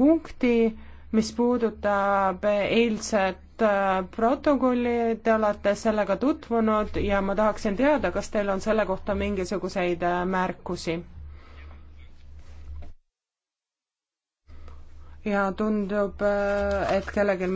punkti, mis puudutab eilset äh, protokolli, te olete sellega tutvunud ja ma tahaksin teada, kas teil on selle kohta mingisuguseid äh, märkusi? ja tundub, äh, et kellelgi